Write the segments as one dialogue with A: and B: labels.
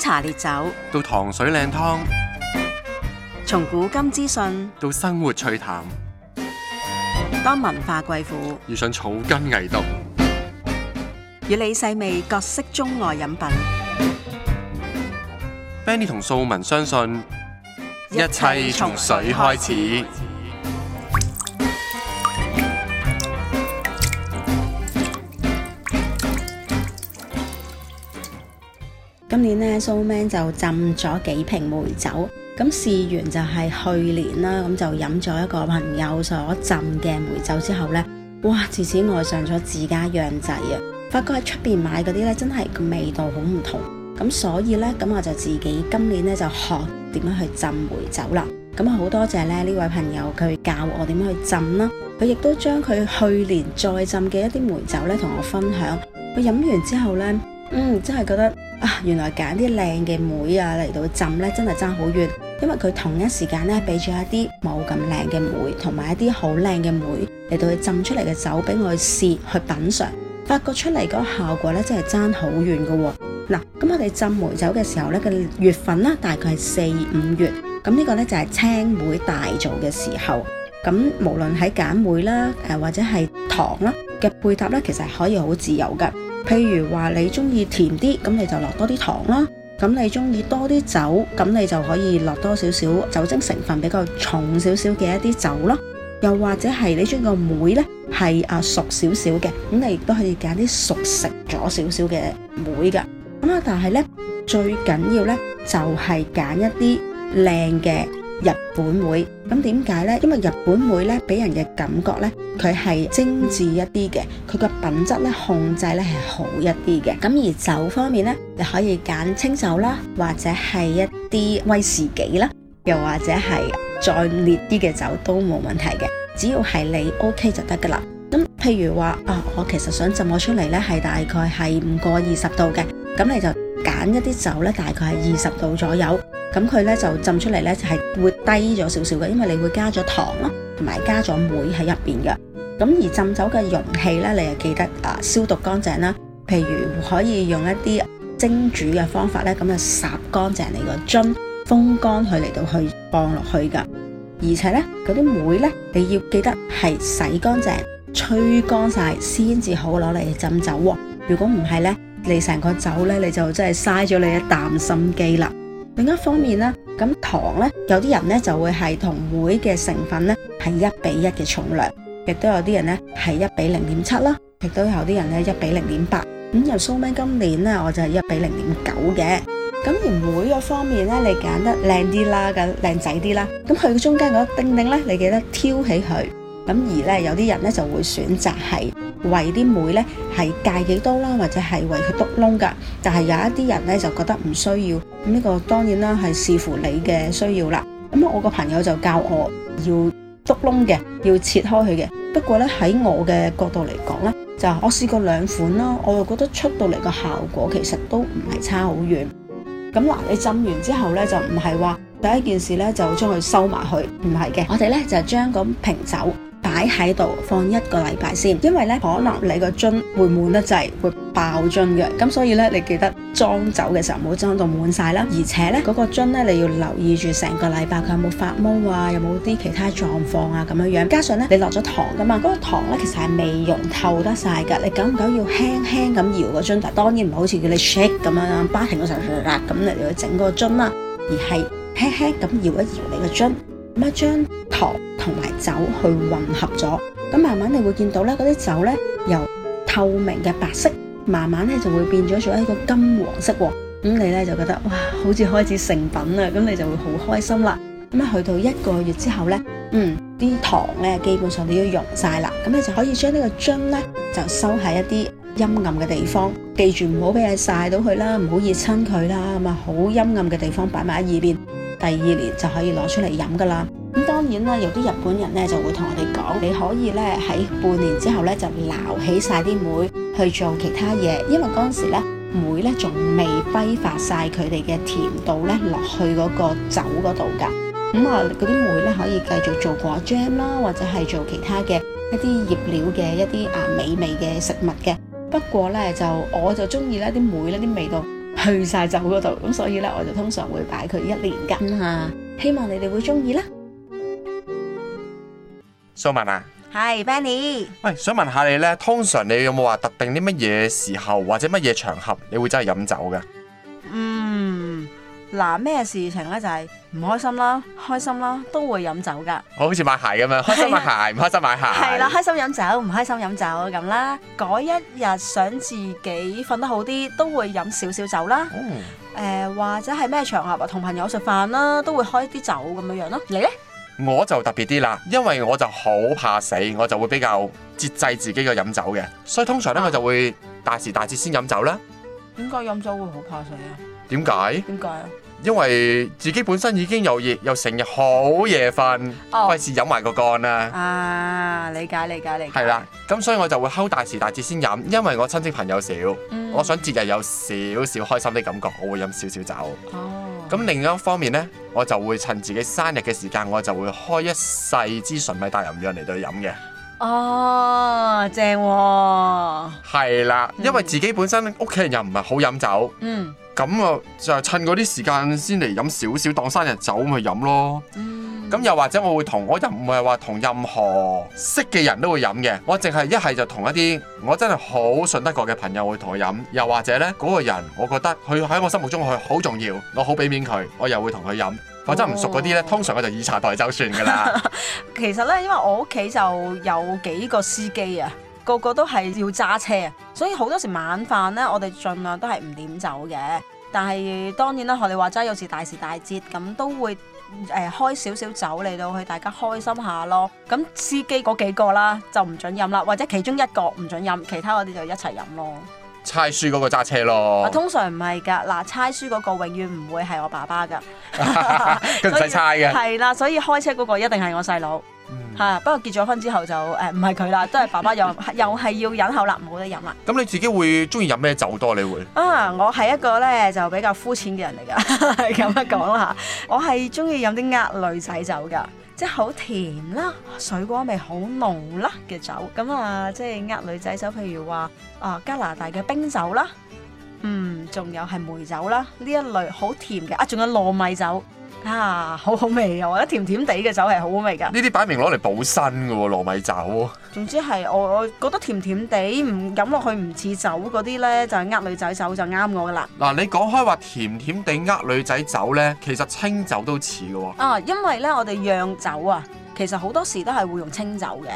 A: 茶烈酒
B: 到糖水靚湯，
A: 從古今資訊
B: 到生活趣談，
A: 當文化貴婦
B: 遇上草根藝讀，
A: 與你細味各式中外飲品。
B: Benny 同素文相信，一切從水開始。
A: 今年呢，Soul Man 就浸咗幾瓶梅酒。咁試完就係去年啦，咁就飲咗一個朋友所浸嘅梅酒之後呢，哇！自此愛上咗自家釀製啊！發覺喺出邊買嗰啲呢，真係個味道好唔同。咁所以呢，咁我就自己今年呢，就學點樣去浸梅酒啦。咁好多謝咧呢位朋友，佢教我點樣去浸啦。佢亦都將佢去年再浸嘅一啲梅酒呢，同我分享。佢飲完之後呢，嗯，真係覺得。啊，原來揀啲靚嘅梅啊嚟到浸咧，真係爭好遠，因為佢同一時間咧俾咗一啲冇咁靚嘅梅，同埋一啲好靚嘅梅嚟到去浸出嚟嘅酒俾我去試去品嚐，發覺出嚟嗰個效果咧真係爭好遠㗎喎！嗱，咁我哋浸梅酒嘅時候咧，個月份啦，大概係四五月，咁呢個咧就係、是、青梅大造嘅時候，咁無論喺揀梅啦，誒、呃、或者係糖啦嘅配搭咧，其實係可以好自由㗎。譬如話你中意甜啲，咁你就落多啲糖啦。咁你中意多啲酒，咁你就可以落多少少酒精成分比較重少少嘅一啲酒咯。又或者係你中意個梅咧，係啊熟少少嘅，咁你亦都可以揀啲熟食咗少少嘅梅噶。咁啊，但係咧最緊要咧就係、是、揀一啲靚嘅。日本會咁點解呢？因為日本會咧俾人嘅感覺咧，佢係精致一啲嘅，佢嘅品質咧控制咧係好一啲嘅。咁而酒方面咧，你可以揀清酒啦，或者係一啲威士忌啦，又或者係再烈啲嘅酒都冇問題嘅，只要係你 OK 就得噶啦。咁譬如話啊，我其實想浸我出嚟咧，係大概係五個二十度嘅，咁你就揀一啲酒咧，大概係二十度左右。咁佢咧就浸出嚟咧，就係會低咗少少嘅，因為你會加咗糖啦，同埋加咗梅喺入邊嘅。咁而浸酒嘅容器咧，你就記得啊，消毒乾淨啦。譬如可以用一啲蒸煮嘅方法咧，咁啊，殺乾淨你個樽，風乾佢嚟到去放落去噶。而且咧，嗰啲梅咧，你要記得係洗乾淨、吹乾晒先至好攞嚟浸酒喎。如果唔係咧，你成個酒咧，你就真係嘥咗你一啖心機啦。另一方面呢，咁糖呢，有啲人呢就會係同會嘅成分呢係一比一嘅重量，亦都有啲人呢係一比零點七啦，亦都有啲人呢一比零點八。咁由蘇威今年呢，我就係一比零點九嘅。咁而會嗰方面呢，你揀得靚啲啦，咁靚仔啲啦，咁佢中間嗰丁丁呢，你記得挑起佢。咁而咧，有啲人咧就會選擇係為啲妹咧係戒幾多啦，或者係為佢篤窿噶。但係有一啲人咧就覺得唔需要呢、嗯呢個當然啦，係視乎你嘅需要啦。咁、嗯、我個朋友就教我要篤窿嘅，要切開佢嘅。不過咧，喺我嘅角度嚟講咧，就我試過兩款啦，我又覺得出到嚟嘅效果其實都唔係差好遠。咁、嗯、嗱，你浸完之後咧，就唔係話第一件事咧就將佢收埋去，唔係嘅。我哋咧就將咁瓶酒，擺喺度放一個禮拜先，因為咧可能你個樽會滿得滯，會爆樽嘅，咁所以咧你記得裝酒嘅時候唔好裝到滿曬啦，而且咧嗰個樽咧你要留意住成個禮拜佢有冇發毛啊，有冇啲其他狀況啊咁樣樣，加上咧你落咗糖，噶嘛，嗰個糖咧其實係未溶透得曬噶，你久唔久要輕輕咁搖個樽，但係當然唔好似叫你 shake 咁樣樣，不停咁候上下你咁要整個樽啦，而係輕輕咁搖一搖，搖你個樽。咁啊，將糖同埋酒去混合咗，咁慢慢你會見到咧，嗰啲酒咧由透明嘅白色，慢慢咧就會變咗做一個金黃色。咁你咧就覺得哇，好似開始成品啦，咁你就會好開心啦。咁啊，去到一個月之後咧，嗯，啲糖咧基本上你都溶晒啦，咁你就可以將呢個樽咧就收喺一啲陰暗嘅地方，記住唔好俾佢晒到佢啦，唔好熱親佢啦，咁啊好陰暗嘅地方擺埋喺耳邊。第二年就可以攞出嚟飲噶啦。咁、嗯、當然啦，有啲日本人咧就會同我哋講，你可以咧喺半年之後咧就撈起晒啲梅去做其他嘢，因為嗰陣時咧梅咧仲未揮發晒佢哋嘅甜度咧落去嗰個酒嗰度噶。咁、嗯、啊，嗰啲梅咧可以繼續做果醬啦，或者係做其他嘅一啲葉料嘅一啲啊美味嘅食物嘅。不過咧就我就中意，咧啲梅咧啲味道。去晒酒嗰度，咁所以咧，我就通常會擺佢一年咁吓，嗯、哈希望你哋會中意啦。
B: 蘇文啊，係 Benny，喂，想問下你咧，通常你有冇話特定啲乜嘢時候或者乜嘢場合你會真係飲酒㗎？
A: 嗱，咩事情咧就係、是、唔開心啦，開心啦都會飲酒噶，
B: 好似買鞋咁樣，開心買鞋，唔、啊、開心買鞋，係
A: 啦、啊，開心飲酒，唔開心飲酒咁啦。嗰一日想自己瞓得好啲，都會飲少少酒啦。誒、oh. 呃，或者係咩場合同朋友食飯啦，都會開啲酒咁樣樣咯。你咧？
B: 我就特別啲啦，因為我就好怕死，我就會比較節制自己嘅飲酒嘅，所以通常咧我就會大時大節先飲酒啦。
A: 點解飲酒會好怕死啊？
B: 點解？點解？因為自己本身已經又熱，又成日好夜瞓，費事飲埋個肝啦！啊、
A: ah，理解理解理解。
B: 係啦，咁所以我就會喺大時大節先飲，因為我親戚朋友少，mm. 我想節日有少少開心的感覺，我會飲少少酒。哦。咁另一方面呢，我就會趁自己生日嘅時間，我就會開一細支純米大吟釀嚟到飲嘅。
A: 哦，正喎！
B: 係啦，因為自己本身屋企人又唔係好飲酒，咁我 就趁嗰啲時間先嚟飲少少當生日酒咁去飲咯。咁 又或者我會同我又唔係話同任何識嘅人都會飲嘅，我淨係一係就同一啲我真係好信得過嘅朋友會同佢飲，又或者呢嗰、嗰個人我覺得佢喺我心目中佢好重要，我好俾面佢，我又會同佢飲。我真係唔熟嗰啲咧，通常我就以茶代酒算噶啦。
A: 其實咧，因為我屋企就有幾個司機啊，個個都係要揸車啊，所以好多時晚飯咧，我哋盡量都係唔點酒嘅。但係當然啦，學你話齋，有時大時大節咁都會誒、呃、開少少酒嚟到去大家開心下咯。咁司機嗰幾個啦就唔準飲啦，或者其中一個唔準飲，其他我哋就一齊飲咯。
B: 猜書嗰個揸車咯，啊、通
A: 常唔係㗎，嗱、啊、猜書嗰個永遠唔會係我爸爸㗎，咁唔使猜嘅，係啦，所以開車嗰個一定係我細佬嚇，不過結咗婚之後就誒唔係佢啦，都係爸爸 又又係要忍口啦，唔好得飲啦。
B: 咁 你自己會中意飲咩酒多？你會
A: 啊，我係一個咧就比較膚淺嘅人嚟㗎，係 咁樣講啦 我係中意飲啲呃女仔酒㗎。即係好甜啦，水果味好濃啦嘅酒，咁啊，即係呃女仔酒，譬如話啊加拿大嘅冰酒啦，嗯，仲有係梅酒啦，呢一類好甜嘅啊，仲有糯米酒。啊，好好味啊！我覺得甜甜地嘅酒係好好味噶。呢啲
B: 擺明攞嚟補身嘅喎，糯米酒。
A: 總之係我我覺得甜甜地唔飲落去唔似酒嗰啲咧，就係呃女仔酒就啱我啦。
B: 嗱，啊，你講開話甜甜地呃女仔酒咧，其實清酒都似嘅。
A: 啊，因為咧，我哋釀酒啊，其實好多時都係會用清酒嘅。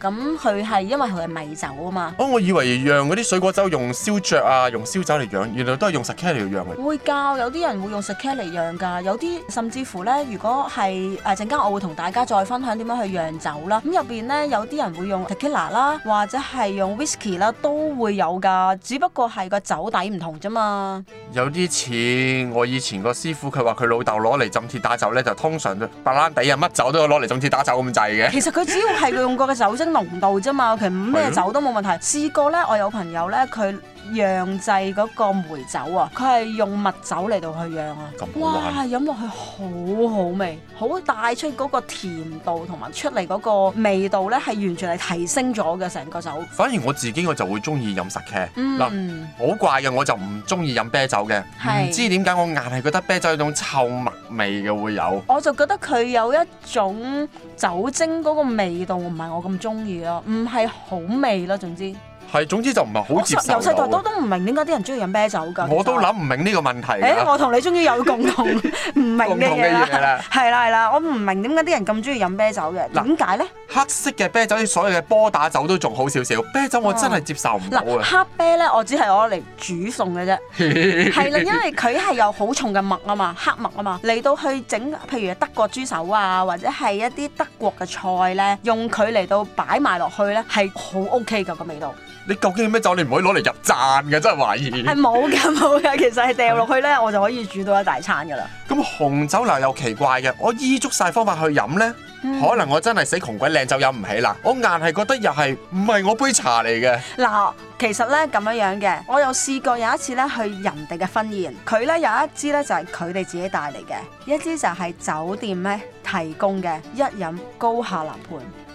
A: 咁佢係因為佢係米酒啊嘛，
B: 哦，我以為養嗰啲水果酒用燒燭啊，用燒酒嚟養，原來都係用 sake 嚟養嘅。
A: 會教有啲人會用 sake 嚟養㗎，有啲甚至乎咧，如果係誒陣間我會同大家再分享點樣去釀酒啦。咁入邊咧有啲人會用 tequila 啦，或者係用 whisky 啦，都會有㗎。只不過係個酒底唔同啫嘛。
B: 有啲似我以前個師傅，佢話佢老豆攞嚟浸鐵打酒咧，就通常都白蘭地啊乜酒都有攞嚟浸鐵打酒咁滯嘅。其實
A: 佢只要係佢用過嘅酒精。 濃度啫嘛，其實咩酒都冇問題。試嗎過咧，我有朋友咧，佢釀製嗰個梅酒啊，佢係用蜜酒嚟到去釀啊，哇，飲落去好好味，好帶出嗰個甜度同埋出嚟嗰個味道咧，係完全係提升咗嘅成個酒。
B: 反而我自己我就會中意飲實嘅，嗱，好、嗯、怪嘅，我就唔中意飲啤酒嘅，唔是知點解我硬係覺得啤酒有種臭麥味嘅會有。
A: 我就覺得佢有一種。酒精嗰個味道唔係我咁中意咯，唔係好味咯，總之。
B: 係總之就唔係好接受。由細到大都
A: 都唔明點解啲人中意飲啤酒㗎。我都諗唔
B: 明呢個問題。誒，hey, 我同
A: 你終於有共同唔 明嘅嘢啦。係啦係啦，我唔明點解啲人咁中意飲啤酒嘅，點解咧？
B: 黑色嘅啤酒，啲所有嘅波打酒都仲好少少。啤酒我真係接受唔到嘅。黑
A: 啤咧，我只係攞嚟煮餸嘅啫，係啦， 因為佢係有好重嘅麥啊嘛，黑麥啊嘛，嚟到去整，譬如德國豬手啊，或者係一啲德國嘅菜咧，用佢嚟到擺埋落去咧，係好 O K 㗎個味道。
B: 你究竟咩酒？你唔可以攞嚟入站嘅，真係懷疑。係
A: 冇㗎，冇㗎，其實係掉落去咧，我就可以煮到一大餐㗎啦。咁、
B: 嗯、 紅酒嗱又奇怪嘅，我依足晒方法去飲咧。嗯、可能我真係死窮鬼靚酒飲唔起啦，我硬係覺得又係唔係我杯茶嚟嘅。
A: 嗱，其實咧咁樣樣嘅，我又試過有一次咧去人哋嘅婚宴，佢咧有一支咧就係佢哋自己帶嚟嘅，一支就係酒店咧提供嘅，一飲高下立判。嗯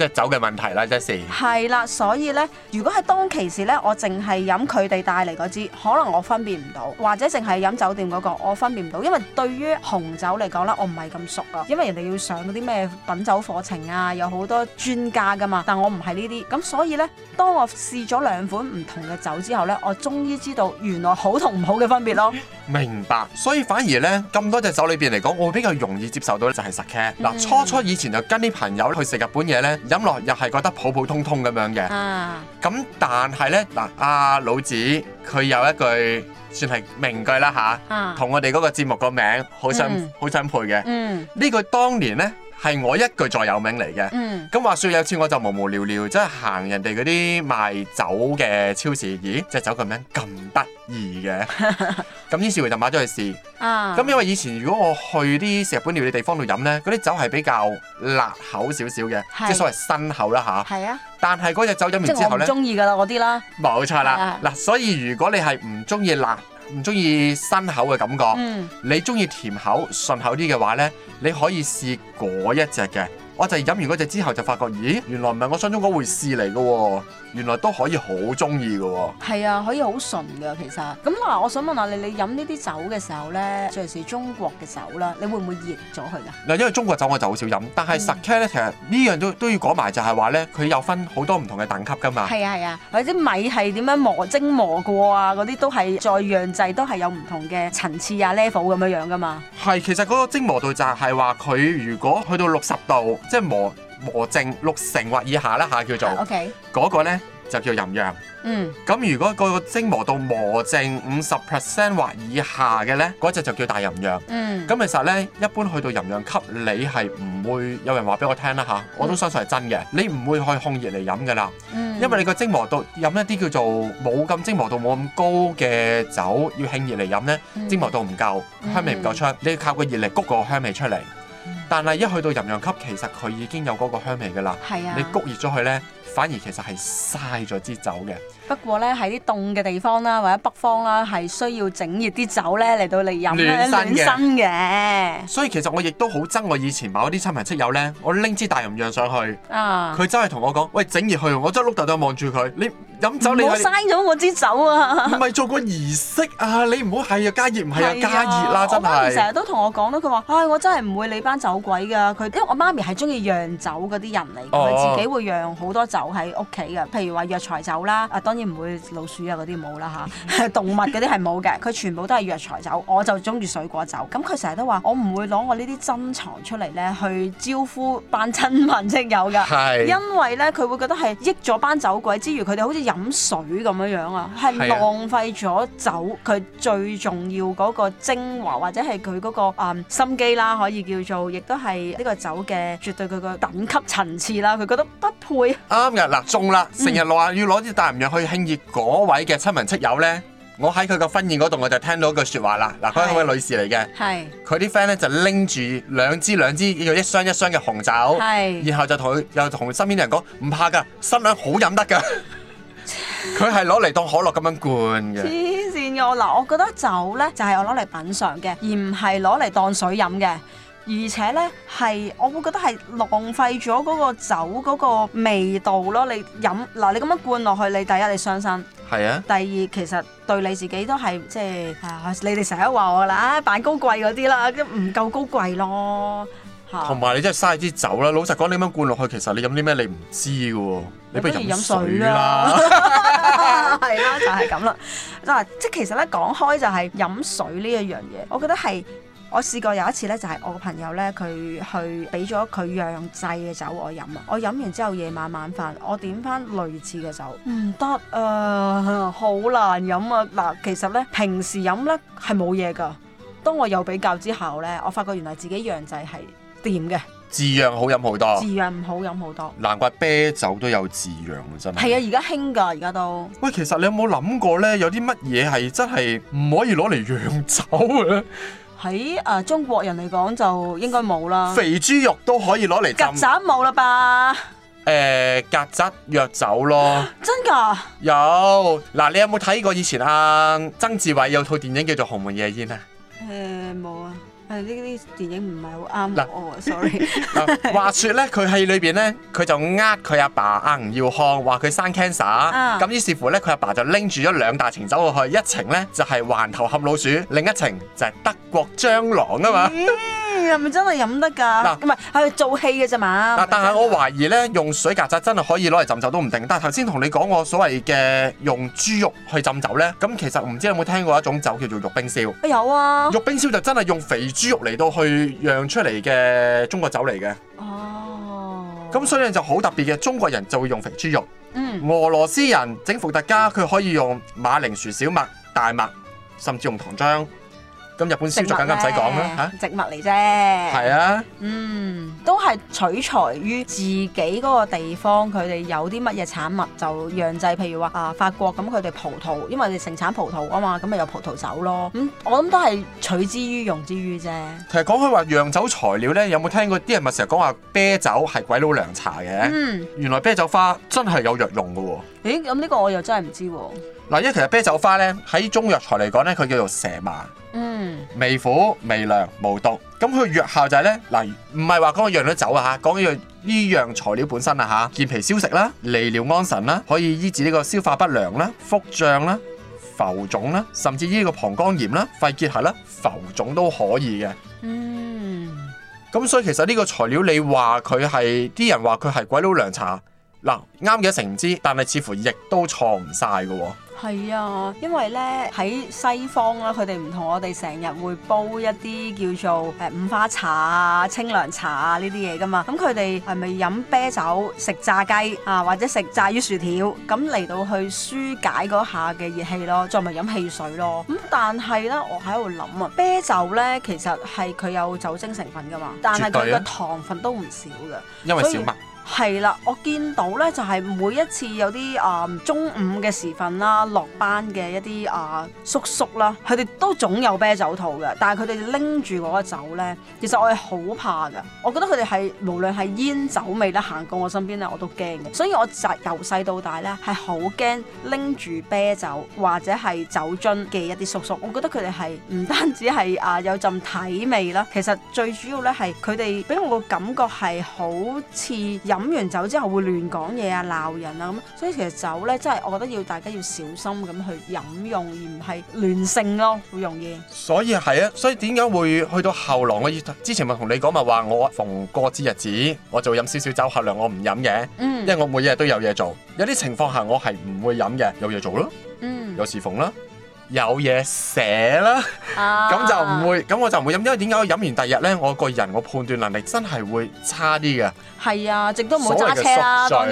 B: 即係酒嘅問題啦，即係。
A: 係啦，所以呢，如果喺當其時呢，我淨係飲佢哋帶嚟嗰支，可能我分辨唔到；或者淨係飲酒店嗰個，我分辨唔到，因為對於紅酒嚟講咧，我唔係咁熟啊。因為人哋要上嗰啲咩品酒課程啊，有好多專家噶嘛。但我唔係呢啲，咁所以呢，當我試咗兩款唔同嘅酒之後呢，我終於知道原來好同唔好嘅分別咯。
B: 明白，所以反而呢，咁多隻酒裏邊嚟講，我比較容易接受到呢，就係 Sake。嗱，初初以前就跟啲朋友去食日本嘢呢。飲落又係覺得普普通通咁樣嘅，咁、啊、但係呢，嗱、啊，阿老子佢有一句算係名句啦嚇，同、啊啊、我哋嗰個節目個名好相好相配嘅。呢、嗯、句當年呢，係我一句座右銘嚟嘅。咁、嗯、話説有次我就無無聊聊，即係行人哋嗰啲賣酒嘅超市，咦，隻酒嘅名咁得意嘅，咁於是我就買咗去試。啊！咁、嗯、因為以前如果我去啲日本料理嘅地方度飲呢，嗰啲酒係比較辣口少少嘅，是即係所謂新口啦嚇。係啊，但係嗰隻酒飲完之後呢，即係我
A: 唔中意噶啦嗰啲啦。
B: 冇錯啦嗱、啊，所以如果你係唔中意辣、唔中意新口嘅感覺，嗯、你中意甜口順口啲嘅話呢，你可以試嗰一隻嘅。我就係飲完嗰隻之後就發覺，咦，原來唔係我心中嗰回事嚟噶喎。原來都可以好中意嘅喎，
A: 係啊，可以好純嘅其實。咁嗱，我想問下你，你飲呢啲酒嘅時候咧，尤其是中國嘅酒啦，你會唔會熱咗佢㗎？嗱，
B: 因為中國酒我就好少飲，但係 sake 咧，嗯、其實呢樣都都要講埋，就係話咧，佢有分好多唔同嘅等級㗎嘛。係
A: 啊係啊，或者米係點樣磨蒸磨過啊，嗰啲都係再釀製都係有唔同嘅層次啊 level 咁樣樣㗎嘛。
B: 係，其實嗰個蒸磨度就係話佢如果去到六十度，即係磨。磨淨六成或以下啦嚇，叫做嗰、ah, okay. 個咧就叫淫陽。嗯，咁如果個精磨度磨淨五十 percent 或以下嘅咧，嗰、那、隻、個、就叫大淫陽。嗯，咁其實咧一般去到淫陽級，你係唔會有人話俾我聽啦嚇，我都相信係真嘅。嗯、你唔會去控熱嚟飲噶啦，嗯、因為你個精磨度飲一啲叫做冇咁精磨度冇咁高嘅酒，要慶熱嚟飲咧，嗯、精磨度唔夠，香味唔夠出，嗯、你要靠個熱力谷個香味出嚟。但係一去到淫羊級，其實佢已經有嗰個香味嘅啦。係啊，你谷熱咗佢咧，反而其實係嘥咗支酒嘅。
A: 不過咧，喺啲凍嘅地方啦，或者北方啦，係需要整熱啲酒咧嚟到嚟飲嘅。暖身嘅。
B: 所以其實我亦都好憎我以前某一啲親朋戚友咧，我拎支大淫羊上去，佢真係同我講：喂，整熱佢！我真係碌凸凸望住佢，你。飲酒，唔我嘥咗我支酒啊！唔係做過儀式啊！你唔好係啊，加熱唔係啊，啊加熱啦！真係。我媽咪成日都
A: 同我講咯，佢話：唉、哎，我真係唔會理班酒鬼噶。佢因為我媽咪係中意釀酒嗰啲人嚟，佢、哦、自己會釀好多酒喺屋企噶。譬如話藥材酒啦，啊當然唔會老鼠啊嗰啲冇啦嚇，動物嗰啲係冇嘅。佢 全部都係藥材酒，我就中意水果酒。咁佢成日都話：我唔會攞我呢啲珍藏出嚟咧，去招呼班親朋戚友㗎。是因為咧，佢會覺得係益咗班酒鬼，之餘佢哋好似，飲水咁樣樣啊，係浪費咗酒佢最重要嗰個精華，或者係佢嗰個啊、嗯、心機啦，可以叫做亦都係呢個酒嘅絕對佢個等級層次啦。佢覺得不配
B: 啱嘅嗱，中啦，成日話要攞啲大唔藥去慶祝嗰位嘅親朋戚友咧。我喺佢個婚宴嗰度，我就聽到一句説話啦。嗱，佢係一位女士嚟嘅，係佢啲 friend 咧就拎住兩支兩支，要一箱一箱嘅紅酒，係是，然後就同佢又同身邊啲人講唔怕㗎，新娘好飲得㗎。佢係攞嚟當可樂咁樣灌嘅，黐
A: 線嘅。嗱，我覺得酒咧就係、是、我攞嚟品嘗嘅，而唔係攞嚟當水飲嘅。而且咧係我會覺得係浪費咗嗰個酒嗰個味道咯。你飲嗱，你咁樣灌落去，你第一你傷身，係啊。第二其實對你自己都係即係，你哋成日都話我啦，扮、啊、高貴嗰啲啦，唔夠高貴咯。同
B: 埋你真係嘥支酒啦！老實講，你咁樣灌落去，其實你飲啲咩你唔知嘅喎，你不如飲水啦，
A: 係啦，就係咁啦。嗱，即係其實咧講開就係飲水呢一樣嘢，我覺得係我試過有一次咧，就係我個朋友咧佢去俾咗佢釀製嘅酒我飲啦，我飲完之後夜晚晚飯我點翻類似嘅酒，唔得啊，好、嗯、難飲啊！嗱，其實咧平時飲咧係冇嘢㗎，當我有比較之後咧，我發覺原來自己釀製係。掂嘅？
B: 自釀好飲好多，自
A: 釀唔好飲好多。
B: 難怪啤酒都有自釀真係。係
A: 啊，而家興噶，而家都。
B: 喂，其實你有冇諗過咧？有啲乜嘢係真係唔可以攞嚟釀酒嘅
A: 喺誒中國人嚟講就應該冇啦。肥
B: 豬肉都可以攞嚟。曱甴
A: 冇啦吧？
B: 誒、欸，曱甴藥酒咯。 真噶？有嗱，你有冇睇過以前啊？曾志偉有套電影叫做《豪門夜宴》嗯、啊？
A: 誒，冇啊。呢啲電影唔係好啱
B: 我 ，sorry。 話説咧，佢戲裏邊咧，佢就呃佢阿爸，阿吳耀漢，話佢生 cancer。咁、啊、於是乎咧，佢阿爸，爸就拎住咗兩大埕酒過去，一埕咧就係、是、環頭合老鼠，另一埕就係德國蟑螂啊、嗯、嘛。
A: 嗯，係咪真係飲得㗎？嗱、啊，唔係係做戲嘅啫嘛。嗱、
B: 啊，但係我懷疑咧，嗯、用水曱甴真係可以攞嚟浸酒都唔定。但係頭先同你講我所謂嘅用豬肉去浸酒咧，咁其實唔知你有冇聽過一種酒叫做肉冰燒？
A: 有啊。
B: 肉冰燒就真係用肥豬肉嚟到去釀出嚟嘅中國酒嚟嘅，哦，咁所以就好特別嘅，中國人就會用肥豬肉，嗯
A: ，mm.
B: 俄羅斯人整伏特加，佢可以用馬鈴薯、小麥、大麥，甚至用糖漿。咁日本燒就更加唔使講啦嚇。
A: 植物嚟啫。係啊。啊嗯，都係取材於自己嗰個地方，佢哋有啲乜嘢產物就釀製，譬如話啊法國咁，佢哋葡萄，因為佢盛產葡萄啊嘛，咁咪有葡萄酒咯。咁、嗯、我諗都係取之於用之於啫。其
B: 實講佢話釀酒材料咧，有冇聽過啲人咪成日講話啤酒係鬼佬涼茶嘅？嗯。原來啤酒花真係有藥用嘅
A: 喎。誒，咁呢個我又真係唔知喎。
B: 嗱，因為其實啤酒花咧喺中藥材嚟講咧，佢叫做蛇麻
A: ，mm.
B: 微苦、微涼、無毒。咁佢藥效就係咧，嗱，唔係話講一樣酒啊，講呢樣呢樣材料本身啦嚇、啊，健脾消食啦，利尿安神啦，可以醫治呢個消化不良啦、腹脹啦、浮腫啦，甚至呢個膀胱炎啦、肺結核啦、浮腫都可以嘅。嗯，咁所以其實呢個材料你，你話佢係啲人話佢係鬼佬涼茶。嗱，啱嘅成支，但係似乎亦都錯唔晒嘅喎。
A: 係啊，因為咧喺西方啦、啊，佢哋唔同我哋成日會煲一啲叫做誒五花茶啊、清涼茶啊呢啲嘢噶嘛。咁佢哋係咪飲啤酒、食炸雞啊，或者食炸魚薯條咁嚟、嗯、到去舒解嗰下嘅熱氣咯？再咪飲汽水咯？咁但係咧，我喺度諗啊，啤酒咧其實係佢有酒精成分嘅嘛，但係佢嘅糖分都唔少嘅，啊、以因為小麥？係啦，我見到咧就係、是、每一次有啲啊、呃、中午嘅時分啦，落班嘅一啲啊、呃、叔叔啦，佢哋都總有啤酒肚嘅，但係佢哋拎住嗰個酒咧，其實我係好怕嘅。我覺得佢哋係無論係煙酒味咧行過我身邊咧，我都驚。所以我就由細到大咧係好驚拎住啤酒或者係酒樽嘅一啲叔叔，我覺得佢哋係唔單止係啊、呃、有陣體味啦，其實最主要咧係佢哋俾我個感覺係好似飲。飲完酒之後會亂講嘢啊、鬧人啊咁，所以其實酒呢，真係，我覺得要大家要小心咁去飲用，而唔係亂性咯，好容易，
B: 所以係啊，所以點解會去到後來？我之前咪同你講咪話，我逢過節日子我就飲少少酒，後來我唔飲嘅，嗯，因為我每日都有嘢做，有啲情況下我係唔會飲嘅，有嘢做咯，嗯，有時逢啦。有嘢寫啦，
A: 咁 就唔
B: 會，咁我就唔會飲，因為點解我飲完第二日呢？我個人我判斷能力真係會差啲嘅。
A: 係啊，直都唔好揸車啊，
B: 當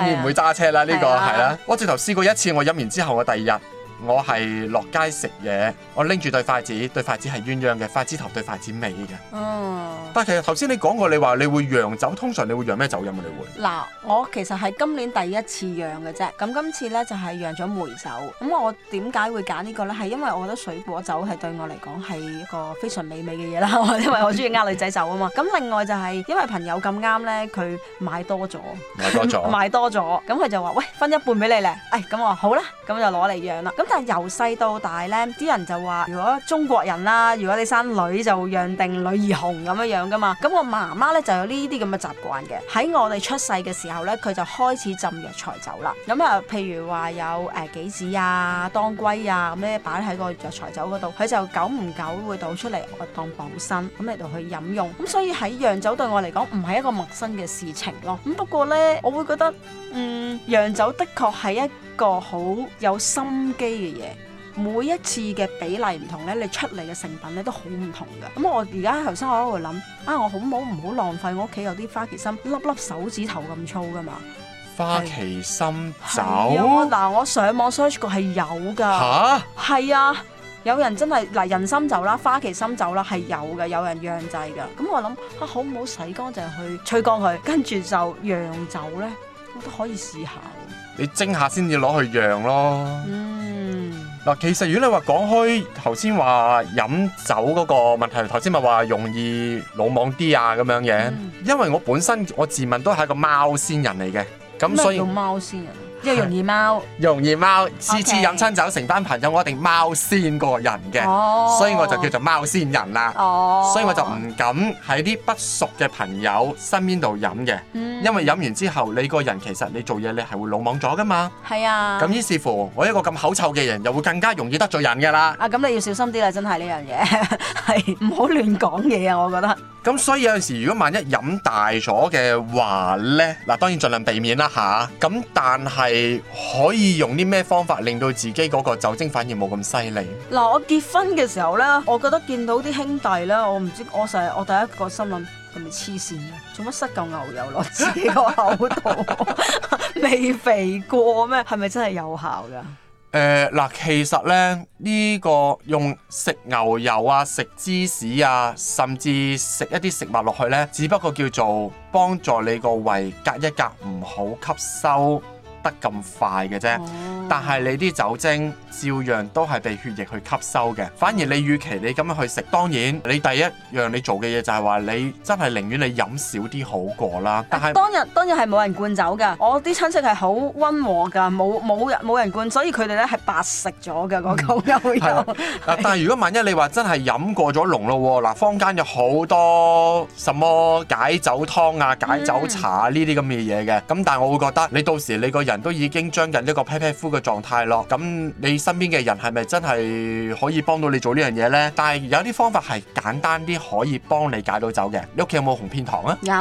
B: 然唔會揸車啦，呢個係、啊、啦。我直頭試過一次，我飲完之後我第二日。我係落街食嘢，我拎住對筷子，對筷子係鴛鴦嘅，筷子頭對筷子尾嘅。嗯。但係其實頭先你講過，你話你會釀酒，通常你會釀咩酒飲啊？你會？
A: 嗱，我其實係今年第一次釀嘅啫，咁今次咧就係釀咗梅酒。咁我點解會揀呢個咧？係因為我覺得水果酒係對我嚟講係一個非常美味嘅嘢啦。因為我中意呃女仔酒啊嘛。咁另外就係因為朋友咁啱咧，佢買多咗，買多咗，買多咗，咁佢就話：喂，分一半俾你咧。誒，咁我話好啦，咁就攞嚟釀啦。咁由細到大咧，啲人就話：如果中國人啦，如果你生女就釀定女兒紅咁樣樣噶嘛。咁我媽媽咧就有呢啲咁嘅習慣嘅。喺我哋出世嘅時候咧，佢就開始浸藥材酒啦。咁啊，譬如話有誒、呃、杞子啊、當歸啊咁咧擺喺個藥材酒嗰度，佢就久唔久會倒出嚟我當補身咁嚟到去飲用。咁所以喺洋酒對我嚟講唔係一個陌生嘅事情咯。咁不過咧，我會覺得嗯洋酒的確係一個好有心機嘅嘢，每一次嘅比例唔同咧，你出嚟嘅成品咧都好唔同噶。咁我而家頭先我喺度諗，啊，我好唔好唔好浪費我屋企有啲花旗參粒粒手指頭咁粗噶嘛？花旗
B: 參酒，
A: 嗱，我上網 search 過係有噶。吓，啊，係啊，有人真係嗱人參酒啦，花旗參酒啦，係有噶，有人釀製噶。咁我諗啊，好唔好洗乾淨去吹乾佢，跟住就釀酒咧，我都可以試下。你
B: 蒸下先至攞去釀咯。嗯嗱，其實如果你話講開頭先話飲酒嗰個問題，頭先咪話容易魯莽啲啊咁樣嘅，嗯、因為我本身我自問都係個貓仙人嚟嘅，咁所以。咩叫
A: 貓仙人？又容易貓，
B: 容易貓，次次飲親酒，成班朋友我一定貓先過人嘅，哦、所以我就叫做貓先人啦。哦、所以我就唔敢喺啲不熟嘅朋友身邊度飲嘅，嗯、因為飲完之後你個人其實你做嘢你係會魯莽咗噶嘛。係啊。咁於是乎，我一個咁口臭嘅人，又會更加容易得罪人噶啦。
A: 啊，咁你要小心啲啦，真係呢樣嘢係唔好亂講嘢啊！我覺得。
B: 咁所以有陣時，如果萬一飲大咗嘅話咧，嗱當然盡量避免啦吓。咁但係。但但係可以用啲咩方法令到自己嗰個酒精反應冇咁犀利？
A: 嗱，我結婚嘅時候呢，我覺得見到啲兄弟呢，我唔知我成日我第一個心諗係咪黐線嘅？做乜塞嚿牛油落自己個口度？未 肥過咩？係咪真係有效噶？
B: 誒、呃，嗱，其實呢，呢、這個用食牛油啊、食芝士啊，甚至食一啲食物落去呢，只不過叫做幫助你個胃隔一隔，唔好吸收。得咁快嘅啫，但係你啲酒精。照樣都係被血液去吸收嘅，反而你與其你咁樣去食，當然你第一樣你做嘅嘢就係話你真係寧願你飲少啲好過啦。但係當
A: 日當日係冇人灌酒㗎，我啲親戚係好溫和㗎，冇冇人冇人灌，所以佢哋咧係白食咗㗎嗰嚿酒。
B: 但係如果萬一你話真係飲過咗龍咯，嗱、啊，坊間有好多什麼解酒湯啊、解酒茶呢啲咁嘅嘢嘅，咁、嗯、但係我會覺得你到時你個人都已經將近一個披披膚嘅狀態咯，咁你。身邊嘅人係咪真係可以幫到你做呢樣嘢呢？但係有啲方法係簡單啲，可以幫你解到酒嘅。你屋企有冇紅片糖啊？有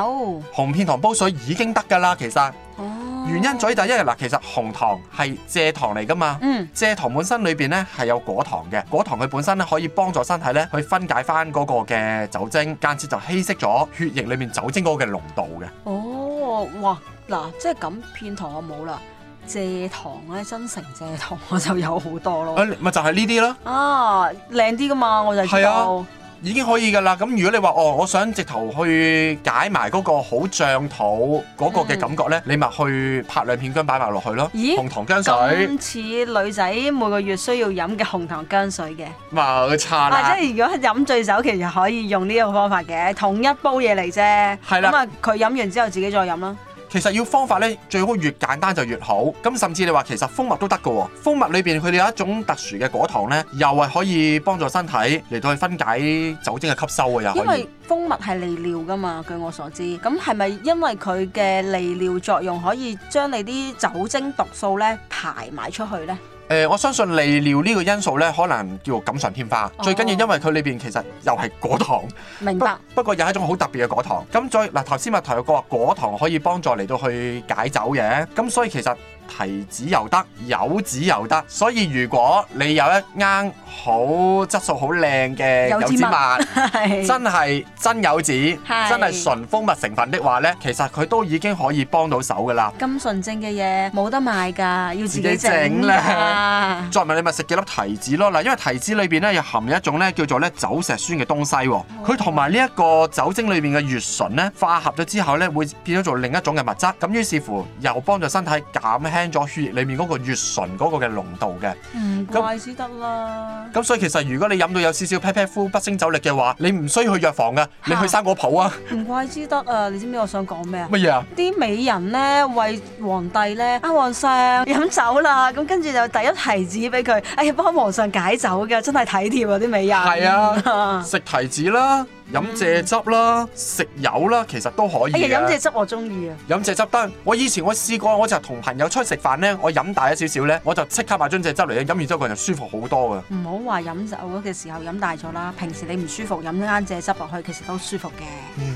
B: 紅片糖煲水已經得㗎啦，其實。哦。
A: 原因
B: 在就係，嗱，其實紅糖係蔗糖嚟㗎嘛。嗯。蔗糖本身裏邊呢係有果糖嘅，果糖佢本身咧可以幫助身體咧去分解翻嗰個嘅酒精，間接就稀釋咗血液裏面酒精嗰個嘅濃度嘅。
A: 哦，哇！嗱，即係咁，片糖我冇啦。蔗糖咧，真成蔗糖我就有好多咯。誒、
B: 啊，咪就係呢啲咯。
A: 啊，靚啲噶嘛，我就要。係啊，
B: 已經可以噶啦。咁如果你話哦，我想直頭去解埋嗰個好脹肚嗰個嘅感覺咧，嗯、你咪去拍兩片薑擺埋落去咯。咦紅糖薑水，
A: 似女仔每個月需要飲嘅紅糖薑水嘅。
B: 冇錯啦。啊，即係
A: 如果飲醉酒，其實可以用呢個方法嘅，同一煲嘢嚟啫。係啦的。咁啊，佢飲完之後自己再飲啦。
B: 其實要方法咧，最好越簡單就越好。咁甚至你話其實蜂蜜都得嘅，蜂蜜裏邊佢哋有一種特殊嘅果糖咧，又係可以幫助身體嚟到去分解酒精嘅吸收嘅又可以。因為
A: 蜂蜜係利尿噶嘛，據我所知，咁係咪因為佢嘅利尿作用可以將你啲酒精毒素咧排埋出去咧？
B: 誒、呃，我相信利尿呢個因素呢，可能叫錦上添花。哦、最緊要因為佢裏邊其實又係果糖，明白。不，不過又係一種好特別嘅果糖。咁再嗱，頭先咪提過果糖可以幫助嚟到去解酒嘅。咁所以其實。提子又得，柚子又得，所以如果你有一啱好質素好靚嘅柚子蜜，柚子蜜真係真柚子，是真係純蜂蜜成分的話呢，其實佢都已經可以幫到手㗎啦。
A: 咁純正嘅嘢冇得賣㗎，要自己整啦。
B: 再唔係 你咪食幾粒提子咯嗱，因為提子裏邊呢，又含有一種咧叫做咧酒石酸嘅東西，佢同埋呢一個酒精裏邊嘅乙醇呢，化合咗之後呢，會變咗做另一種嘅物質，咁於是乎又幫助身體減輕。升咗血液裏面嗰個乙醇嗰個嘅濃度嘅，
A: 唔怪之得啦。
B: 咁所以其實如果你飲到有少少劈劈夫不勝酒力嘅話，你唔需要去藥房噶，你去生果鋪啊。唔
A: 怪之得啊！你知唔知我想講咩啊？乜嘢啊？啲美人咧為皇帝咧啊，皇上飲酒啦，咁跟住就遞一提子俾佢，哎呀，幫皇上解酒嘅，真係體貼啊！啲美人係啊，
B: 食提子啦。 飲蔗汁啦，食油啦，其實都可以。哎呀，飲蔗汁
A: 我中意啊！
B: 飲蔗汁得，我以前我試過，我就同朋友出去食飯呢，我飲大一少少呢，我就即刻買樽蔗汁嚟咧，飲完之後，個人就舒服好多噶。
A: 唔好話飲酒嘅時候飲大咗啦，平時你唔舒服飲一罐蔗汁落去，其實都舒服嘅。嗯。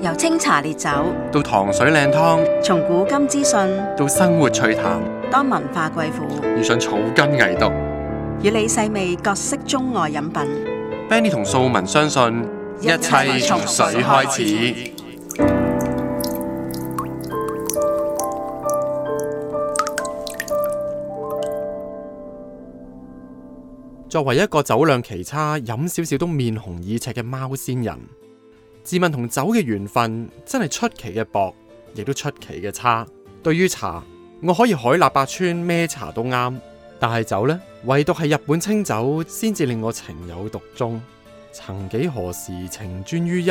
A: 由清茶烈酒
B: 到糖水靚湯，
A: 從古今資訊
B: 到生活趣談，
A: 當文化貴婦
B: 遇上草根危毒。
A: 與你細味各式中外飲品。
B: Benny 同素文相信
A: 一切從水
B: 開始。作為一個酒量奇差、飲少少都面紅耳赤嘅貓仙人，自問同酒嘅緣分真係出奇嘅薄，亦都出奇嘅差。對於茶，我可以海納百川，咩茶都啱。但係酒呢，唯獨係日本清酒先至令我情有獨鍾。曾幾何時，情專於一，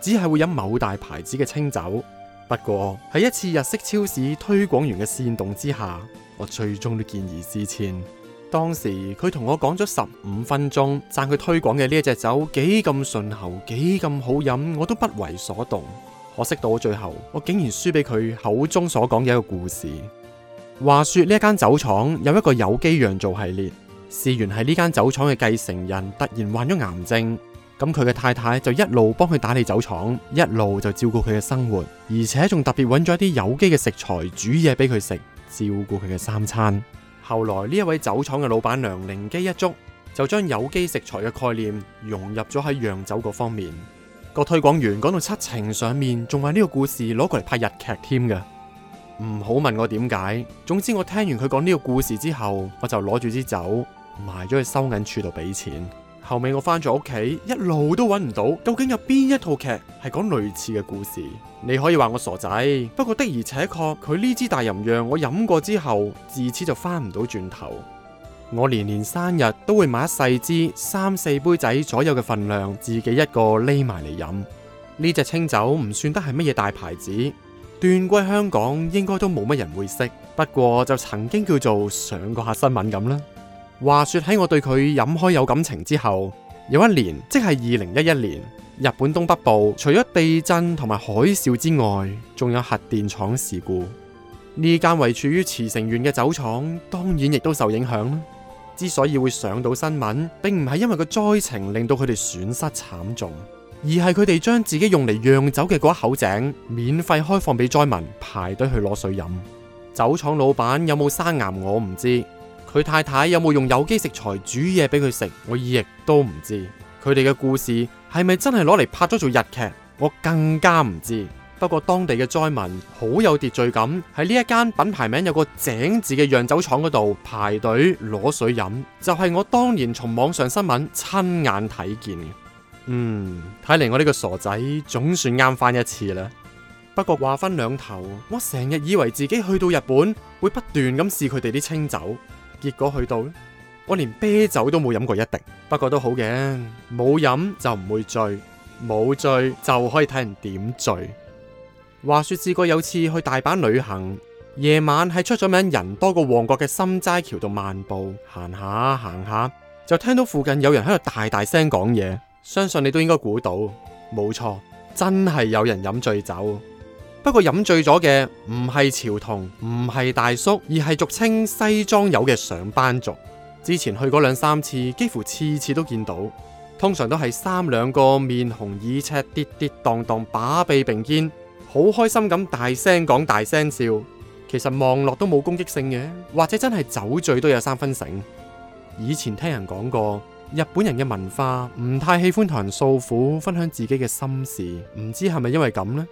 B: 只係會飲某大牌子嘅清酒。不過喺一次日式超市推廣員嘅煽動之下，我最終都見異思遷。當時佢同我講咗十五分鐘，讚佢推廣嘅呢一隻酒幾咁順喉，幾咁好飲，我都不為所動。可惜到最後，我竟然輸俾佢口中所講嘅一個故事。話說呢一間酒廠有一個有機釀造系列，事緣係呢間酒廠嘅繼承人突然患咗癌症，咁佢嘅太太就一路幫佢打理酒廠，一路就照顧佢嘅生活，而且仲特別搵咗一啲有機嘅食材煮嘢俾佢食，照顧佢嘅三餐。後來呢一位酒廠嘅老闆娘靈機一觸，就將有機食材嘅概念融入咗喺釀酒嗰方面。個推廣員講到七情上面，仲話呢個故事攞過嚟拍日劇添嘅。唔好問我點解，總之我聽完佢講呢個故事之後，我就攞住支酒埋咗去收銀處度俾錢。後尾我翻咗屋企，一路都揾唔到究竟有邊一套劇係講類似嘅故事。你可以話我傻仔，不過的而且確，佢呢支大吟釀我飲過之後，自此就翻唔到轉頭。我年年生日都會買一細支三四杯仔左右嘅份量，自己一個匿埋嚟飲。呢隻清酒唔算得係乜嘢大牌子。斷歸香港應該都冇乜人會識，不過就曾經叫做上過下新聞咁啦。話說喺我對佢飲開有感情之後，有一年，即係二零一一年，日本東北部除咗地震同埋海嘯之外，仲有核電廠事故。呢間位處於茨城縣嘅酒廠，當然亦都受影響啦。之所以會上到新聞，並唔係因為個災情令到佢哋損失慘重。而係佢哋將自己用嚟釀酒嘅嗰一口井免費開放俾災民排隊去攞水飲。酒廠老闆有冇生癌？我唔知，佢太太有冇用有機食材煮嘢俾佢食我亦都唔知。佢哋嘅故事係咪真係攞嚟拍咗做日劇我更加唔知。不過當地嘅災民好有秩序咁喺呢一間品牌名有個井字嘅釀酒廠嗰度排隊攞水飲，就係我當年從網上新聞親眼睇見嘅。嗯，睇嚟我呢個傻仔總算啱翻一次啦。不過話分兩頭，我成日以為自己去到日本會不斷咁試佢哋啲清酒，結果去到咧，我連啤酒都冇飲過一滴。不過都好嘅，冇飲就唔會醉，冇醉就可以睇人點醉。話說試過有次去大阪旅行，夜晚係出咗名人多過旺角嘅心齋橋度漫步，行下行下就聽到附近有人喺度大大聲講嘢。相信你都應該估到，冇錯，真係有人飲醉酒。不過飲醉咗嘅唔係潮童，唔係大叔，而係俗稱西裝友嘅上班族。之前去過兩三次，幾乎次次都見到，通常都係三兩個面紅耳赤、跌跌蕩蕩、把臂並肩，好開心咁大聲講、大聲笑。其實望落都冇攻擊性嘅，或者真係酒醉都有三分醒。以前聽人講過。日本人嘅文化唔太喜歡同人訴苦，分享自己嘅心事，唔知係咪因為咁呢？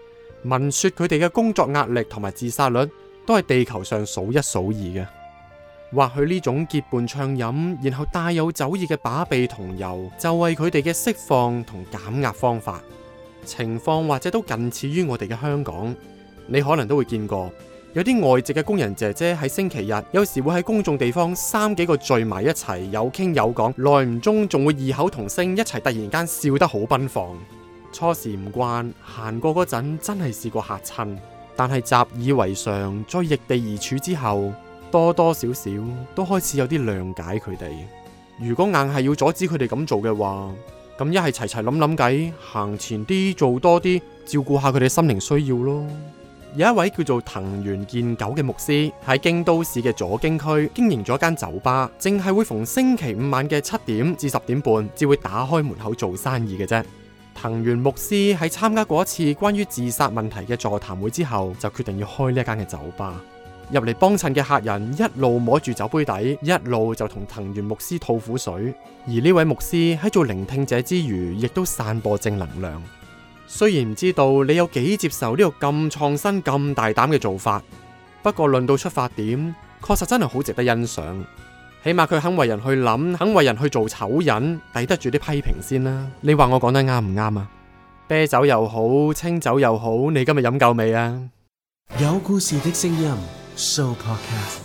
B: 聞說佢哋嘅工作壓力同埋自殺率都係地球上數一數二嘅，或許呢種結伴暢飲，然後帶有酒意嘅把臂同遊，就為佢哋嘅釋放同減壓方法。情況或者都近似於我哋嘅香港，你可能都會見過。有啲外籍嘅工人姐姐喺星期日，有時會喺公眾地方三幾個聚埋一齊，有傾有講，耐唔中仲會異口同聲一齊突然間笑得好奔放。初時唔慣，行過嗰陣真係試過吓親，但係習以為常，再易地而處之後，多多少少都開始有啲諒解佢哋。如果硬係要阻止佢哋咁做嘅話，咁一係齊齊諗諗計，行前啲做多啲，照顧下佢哋心靈需要咯。有一位叫做藤原健九嘅牧師喺京都市嘅左京區經營咗間酒吧，淨係會逢星期五晚嘅七點至十點半至會打開門口做生意嘅啫。藤原牧師喺參加過一次關於自殺問題嘅座談會之後，就決定要開呢一間嘅酒吧。入嚟幫襯嘅客人一路摸住酒杯底，一路就同藤原牧師吐苦水。而呢位牧師喺做聆聽者之餘，亦都散播正能量。雖然唔知道你有幾接受呢個咁創新、咁大膽嘅做法，不過論到出發點，確實真係好值得欣賞。起碼佢肯為人去諗，肯為人去做醜人，抵得住啲批評先啦。你話我講得啱唔啱啊？啤酒又好，清酒又好，你今日飲夠未
A: 啊？有故事的聲音 Show Podcast。